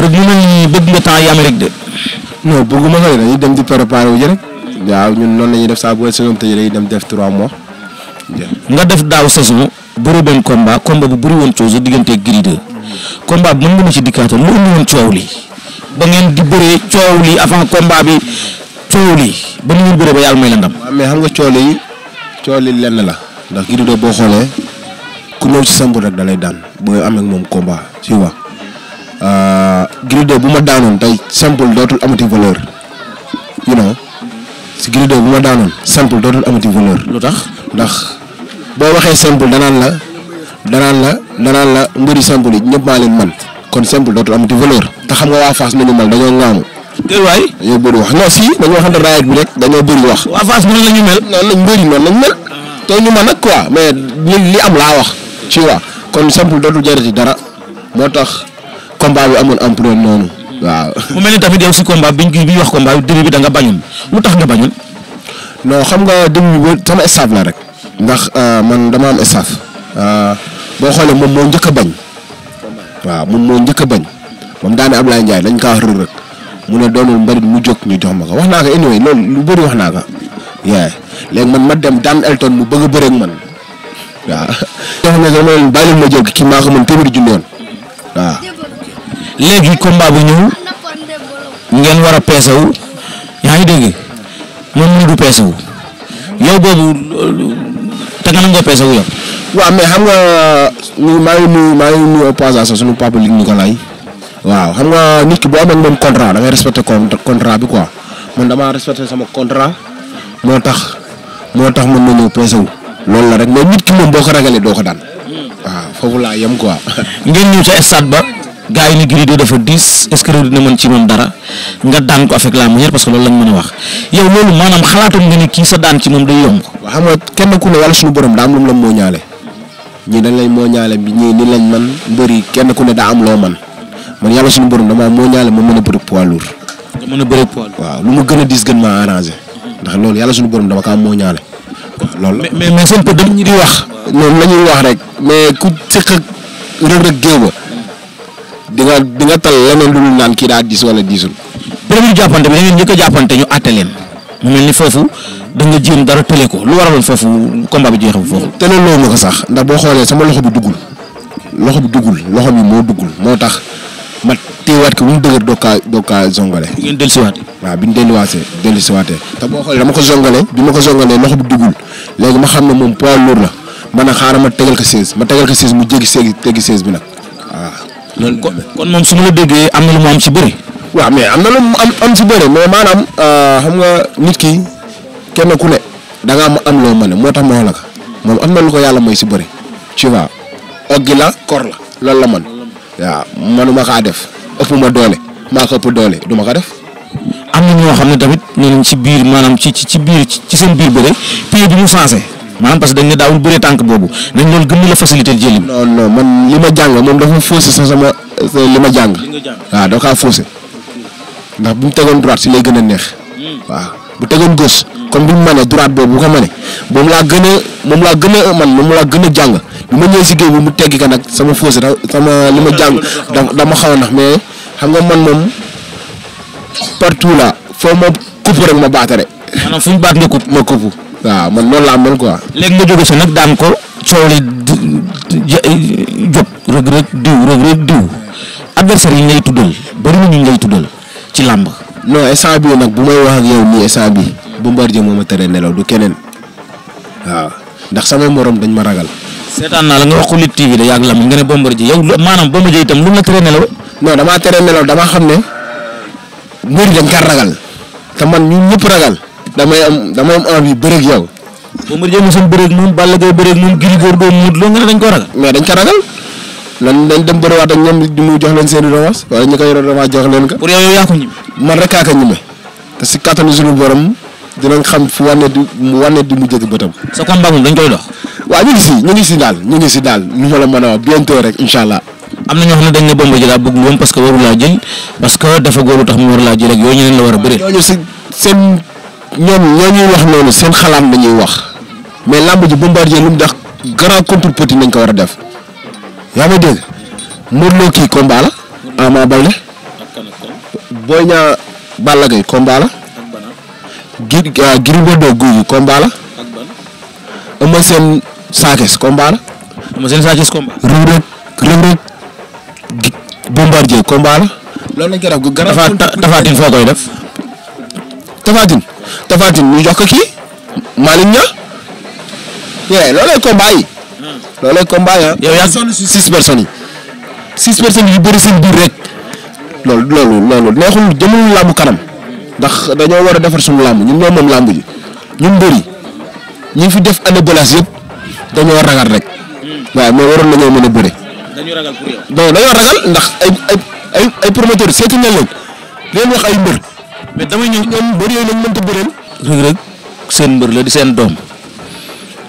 rek mu mel ni bëgg nga temps yi Amérique de. non bëgguma koy dañuy dem di préparer wu ji waaw ñun noonu la ñuy def saa bu saison tëjee dañuy dem def 3 mois. nga def daaw saison. bëri benn combat combat bu bëri woon coow si diggante Gris 2. combat bi mën nga ma coow li ba ngeen di bëree coow li avant combat bi coow li ba ni ngeen bëree ba yàlla may la ndam. waaw mais xam nga coow li coow li lenn la. ndax Gris boo xoolee ku ñëw ci sa mbir rek da lay daan booy am ak moom combat si wa Euh, Gris 2 bu ma daanoon tey simple dootul amati valeur you bu ma daanoon simple dootul amati valeur. lu tax ndax boo waxee simple danaan la danaan la danaan la mbëri simple yi ñëpp maa leen man kon simple dootul amati valeur. te xam nga waa Fass nañu mal dañoo ŋaamu. déet waay dañoo bëri wax non si dañoo xam ne raayat bi dañoo bëri wax. waa Fass noonu la ñu mel. noonu lañ bëri noonu lañ mel. te nag quoi mais li am laa wax. ci waa kon simple dootul jarati dara moo tax. combat bi amoon ampleur noonu waaw. mu mel ni tamit yow si combat biñ bi wax combat bi début bi da nga lu tax nga bañoon. non xam nga début bi sama staff la rek. Euh, man dama am euh, boo xoolee moom moo njëkk a bañ. waaw njëkk bañ. moom daane Ablaye Ndiaye dañ kaa wax rëg mu ne doonul mu jóg ñu jox ma ko wax naa ko anyway lu bëri wax naa ko. yaa léegi man ma dem daan Elton mu bëgg a bëreeg man. waaw. yoo xam ne dama leen bàyyi ma jóg kii maa ko mën téeméeri yoon waaw. léegi combat bu ñëw ngeen war a peesewu yaa ngi dégg moom mënu du peesewu yow boobu te nga nangoo peesewu yow. waaw mais xam nga maa ngi nuyu maa ngi nuyu passage suñu papa Ligue Nicolas waaw xam nga nit ki boo amee moom contrat da ngay respecté contrat bi quoi man damaa respecté sama contrat moo tax moo tax mën na ñëw peesewu loolu la rek mais nit ki moom boo ko ragalee doo ko daan waaw foofu laa yem quoi. ngeen ñëw ca stade ba. gaa yi ne Gris 2 dafa diis est-ce que dina mën ci moom dara nga daan ko avec la manière parce que loolu lañ mën a wax yow loolu maanaam xalaatoon nga ne kii sa daan ci moom day yomb. waaw xam nga kenn ku ne daa am lu man mbër yi kenn ku ne daa am loo man man yàlla suñu borom damaa ma mën a bëri poids lourd. a lu ma gën a diis gën maa arrangé ndax loolu yàlla suñu borom dama kaa moo ñaale. loolu mais mais seen pëd dañ ñu di wax. loolu la ñuy wax rek mais ku seq ak rëg rëg géew ba di nga di nga tal leneen lu naan kii daa diis wala diisul. premier jàppante bi da ngeen njëkk jàppante ñu àtte mu mel ni foofu da nga jéem dara tële ko lu waraloon foofu combat bi jeexul foofu. tële loo ma ko sax ndax boo xoolee sama loxo bi duggul loxo bi duggul loxo bi moo duggul moo tax ma téewaat ko bu mu dëgër dookaa dookaa zongale. bu ngeen dellusiwaatee. waaw bi ñu delluwaatee dellusiwaatee te boo xoolee dama ko zongalee bi ma ko zongalee loxo bi duggul léegi ma xam ne moom poids lourd la ma ne xaaral ma tegal ko 16 ma tegal ko 16 mu jéggi 16 teggi 16 bi nag loolu kon kon moom su ma la déggee am na lu mu am ci bëri. waaw mais am na lu mu am am ci bëri mais maanaam euh, xam nga nit ki kenn ku ne danga am am loo mën moo tax ma la ka moom am na lu ko yàlla mooy si bëri ci vois oggi la kor la loolu la man waaw manuma kaa def ëpp ma doole maa ko ëpp doole du ma ko def. am na ñoo xam ne tamit ñu nañ ci biir maanaam ci ci biir ci seen biir bëre pays bi mu changé. maanaam parce que dañ ne daawul tànk boobu nañ loolu gën la faciliter jëli. non man li ma jàng moom dafa faussé sa sama li ma jàng. waaw da kaa faussé bu mu tegoon droite si gën a neex. Hmm. waaw bu tegoon gauche. comme bu mu mënee droite boobu bu ko mënee moom laa gën a moom laa gën a man moom laa gën a jàng ma si géej bi mu teggi ka nag sama faussé sama li ma jàng dama xaw a nax mais xam nga man moom partout là foo ma kupp rek ma baatare. maanaam fu mu baat nga kupp ma kupp. waaw man noonu la am mel quoi. léegi nga jóge si nag daan ko coow li jóg rëg diw rëg diw adversaire yi ngay tuddal bëri na ñu ngay tuddal ci làmb. non instant bi nag bu may wax ak yow nii instant bii Bombardier moo a tere nelaw du keneen waaw ndax samay morom dañ ma ragal. seetaan naa la nga wax ko Lutte TV da yàgg la nga ne Bombardier yow maanaam Bombardier itam lu la tere nelaw. non damaa tere nelaw damaa xam ne mbir dañ ka ragal te man ñun ñëpp ragal. damay am damay am envie bëre ak yow. Bombardier mosoon bëre ak moom Balla Gaye bëre moom Gris Bordeaux Modou Lô nga ne dañ ko mais dañ ko ragal lan dañ dem bëriwaat ak ñoom mu jox leen seen i revanche wala ñu koy revanche jox leen ko. pour yow yow yaa ko ñime. man rek kaa ko ñime te si di mu wane di mu jëg bëtam. koy dox. waaw ñu ngi daal ñu ngi si daal lu ma la mën a wax bientôt rek incha allah. am na ñoo xam ne dañ ne war yooyu a bëri. ñooñu si seen ñoom ñoo ñuy wax noonu seen xalaat la wax mais làmb ji bombardier lu mu def grand contre petit nañ ko war a def yaa may dégg Modou Lo kii combat la Ama Baldé Boy Niang Balla Gaye combat Bombardier combat la loolu lañ koy def Tapha Tine foo koy def Tapha Tapha Tine ñu jox ko kii Malick Niang yee loolay combat yi. Hmm. loolay combat yi ah. yow yaa sonn si six rek loolu loolu loolu neexul jëmul làmb kanam ndax dañoo war a defar suñu làmb ñun ñoo moom làmb ji ñun bëri ñi fi def année blanche yëpp dañoo ragal rek hmm. waaye mais waroon nañoo mën a bëri. dañoo ragal pour dañoo ragal ndax ay ay ay ay promoteurs seeti nañ leen leen ay mbër. mais damay ñëw ñoom mbër yooyu lañ mënta bëreel. Reug Reug seen mbër la di seen doom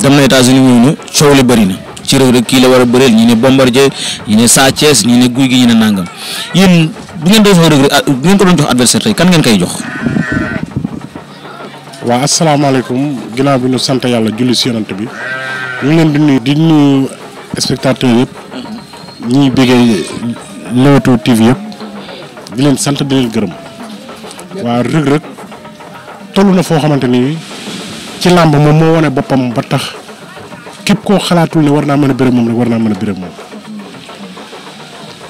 dem na États-Unis ñëw na coow li bëri na ci Reug Reug kii la war a bëreel ñi ne Bombardier ñi ne Sa Thiès ñi ne guy gi ñi ne Nangam yéen bu ngeen doon jox Reug Reug ah, bu ngeen ko doon jox adversaire tey kan ngeen koy jox. waaw asalaamaaleykum ginnaaw bi ñu sant yàlla julli si yonent bi ñu ngi leen di nuyu di nuyu spectateur yëpp ñiy bëggee Leewtoo TV yëpp di leen sant di leen gërëm. waa Reug Reug toll na foo xamante ni ci làmb moom moo wane boppam ba tax képp koo xalaatul ne war naa mën a bëre moom rek war naa mën a bëre moom.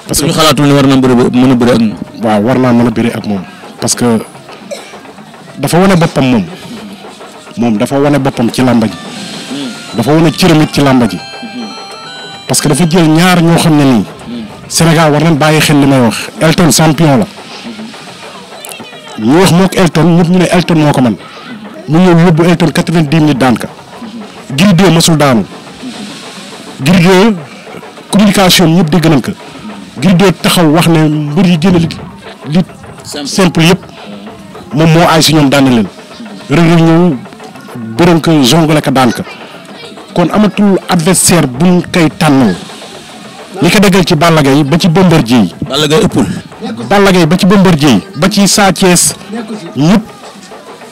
parce que ne war naa bëre mën a bëre ak waaw war naa mën a bëre ak moom parce que dafa wane boppam moom moom dafa wane boppam ci làmba ji. dafa wane cëramit ci làmba ji. parce que dafa jël ñaar ñoo xam ne nii. Hmm. Sénégal war nañ bàyyi xel li may wax Elton champion la. ñu wax moo ko Elton ñëpp ñu ne Elton moo ko man mu ñëw yóbbu Elton quatre-vingt-dix minutes daan ka Gris 2 masul daanu Gris 2 communication ñëpp dégg nañ ko Gris 2 taxaw wax ne mbër yi génn li li simple yëpp moom moo ay si ñoom daan na leen Reug Reug ñëw bërën ko jongle ko daan ka kon amatul adversaire buñ koy tànnal li ko déggal ci Balla Gaye ba ci Bombardier yi Balla Gaye ëppul Balla Gaye ba ci Bombardier ba ci Sa Thiès ñëpp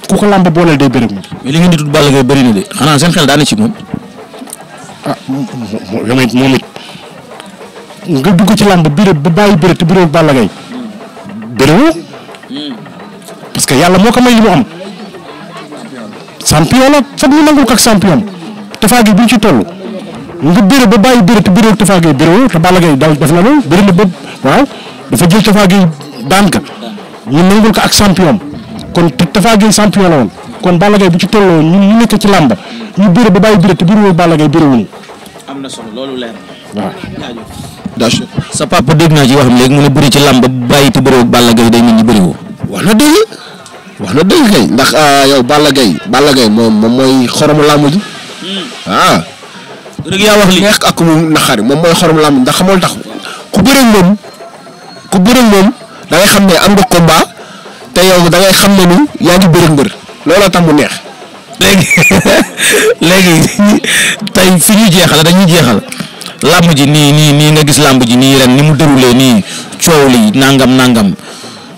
ku ko làmb booleel day bëri li ngeen di tudd Balla na de xanaa seen ci moom. ah moom it moom nga dugg ci làmb bëri ba bàyyi bëri te bëriwul Balla Gaye bëriwul parce que yàlla moo ko may li mu am champion la foog ñu nangul ko ak champion tafaagi bi ñu ci toll nga bëri ba bàyyi bëri te bëriwul tafaagi bëriwul te Balla Gaye daal def na loolu bëri na ba waaw. dafa jël Tafa Gueye daan ka ñu nangul ko ak champion kon Tafa Gueye champion la woon kon Balla Gaye bu ci tolloo ñun nekk ci làmba ñu bëre ba bàyyi bëre te bëriwul Balla Gaye bëriwuñu. am na solo loolu leer waaw sa papa dégg naa ci waxam léegi mu ne ci làmba bàyyi te bëriwul Balla Gaye day nit ñi bëriwul. wax na dëgg wax na dëgg kay ndax ah, yow Balla Gaye Balla Gaye moom moom mooy xoromu làmb ji hmm. ah. rek yaa wax li neex ak mu naqari moom mooy xorom làmb ndax xamul tax ku bëre moom. ku bëri moom da xam ne am nga combat te yow da ngay xam ne ni yaa ngi bëri mbër looloo tax neex. léegi léegi tey fi ñuy jeexal dañuy jeexal làmb ji nii nii nii nga gis làmb ji nii ren ni mu déroulé nii coow lii nangam nangam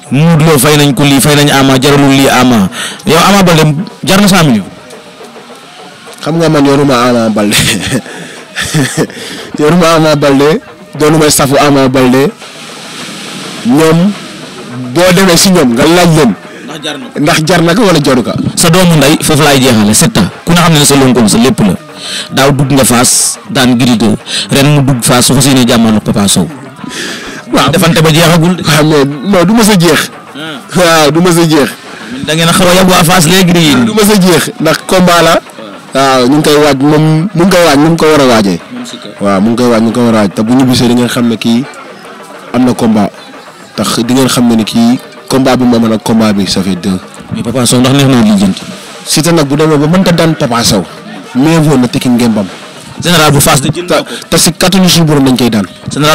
Modou Lo fay nañ ko lii fay nañ Ama jaralul lii Ama yow Ama Baldé jar na cent millions. xam nga man yoruma Ama Baldé yoruma Ama Baldé doonu may safu Ama Baldé. ñoom boo demee si ñoom nga laaj leen. ndax jar na ko ndax jar na wala jaru ko. sa doomu ndey foofu laay jeexale seta ku ne xam ne sa lonkoom sa lépp la daaw dugg nga Fass daan Gris 2 ren mu dugg Fass su ko seenee jàmmalu Papa Sow. ba jeexagul. waaw ah, du ma sa jeex. waaw ah. ah, ma sa jeex. da ngeen a xaw a yab waa du ma sa jeex ndax combat la. waaw ñu koy waaj moom mu koy waaj mu ko war a waajee. waaw mu koy waaj mu ngi waaj te bu ñu bisee da xam ne kii am na combat. tax di ngeen xam ne ni kii combat bi moo mën a combat bi ça fait deux. mais Papa Sow ndax neex na lijjanti. Siteu nag bu demee ba mënta daan Papa Sow. mieux vaut na tekki ngembam. général dañ koy daan. général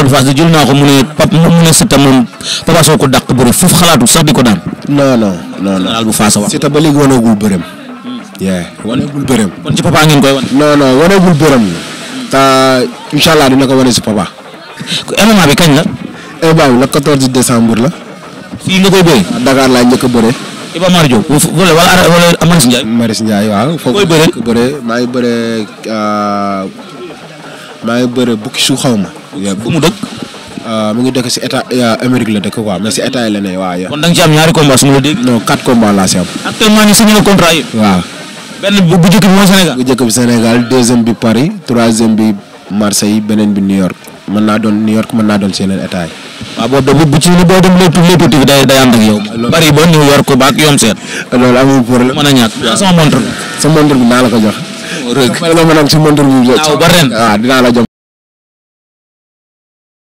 bu Fass de jël naa ko mu ne pap mu ne Siteu moom Papa Sow ko dàq bëre foofu xalaatu sax di ko daan. non non non non général bu Fass wax. Siteu ba léegi wanagul bërëm. Hmm. yeah wanagul bërëm. kon ci Papa ngeen koy wan. non non wanagul bërëm. Hmm. te incha allah dina ko wane si Papa. MMA bi kañ la. Iba bi la 14 décembre la. fii nga koy bëree. Dakar laa njëkk a bëree. Iba maa ngi bëree maa ngi bëree euh, bukki su xaw ma. fu mu dëkk. Euh, mu ngi dëkk si état Amérique la dëkk quoi mais si état yi la ne waaw. kon da nga ci am ñaari combats su ma dégg. non quatre combats laa si am. actuellement ñu signé contrat yi. waaw. benn bu bu njëkk bi mooy Sénégal. bu bi Sénégal deuxième bi Paris troisième bi Marseille beneen bi New York mën naa doon New York mën naa doon si yeneen état yi. waaw boobu de bu ci boo dem lépp lépp tuuti bari ba ñu yor ko ba ak yom seet. loolu amul problème mën a ñàkk. waaw sama sa montre bi naa la ko jox. ma ne ma ne ma ne ma ne ma ne ma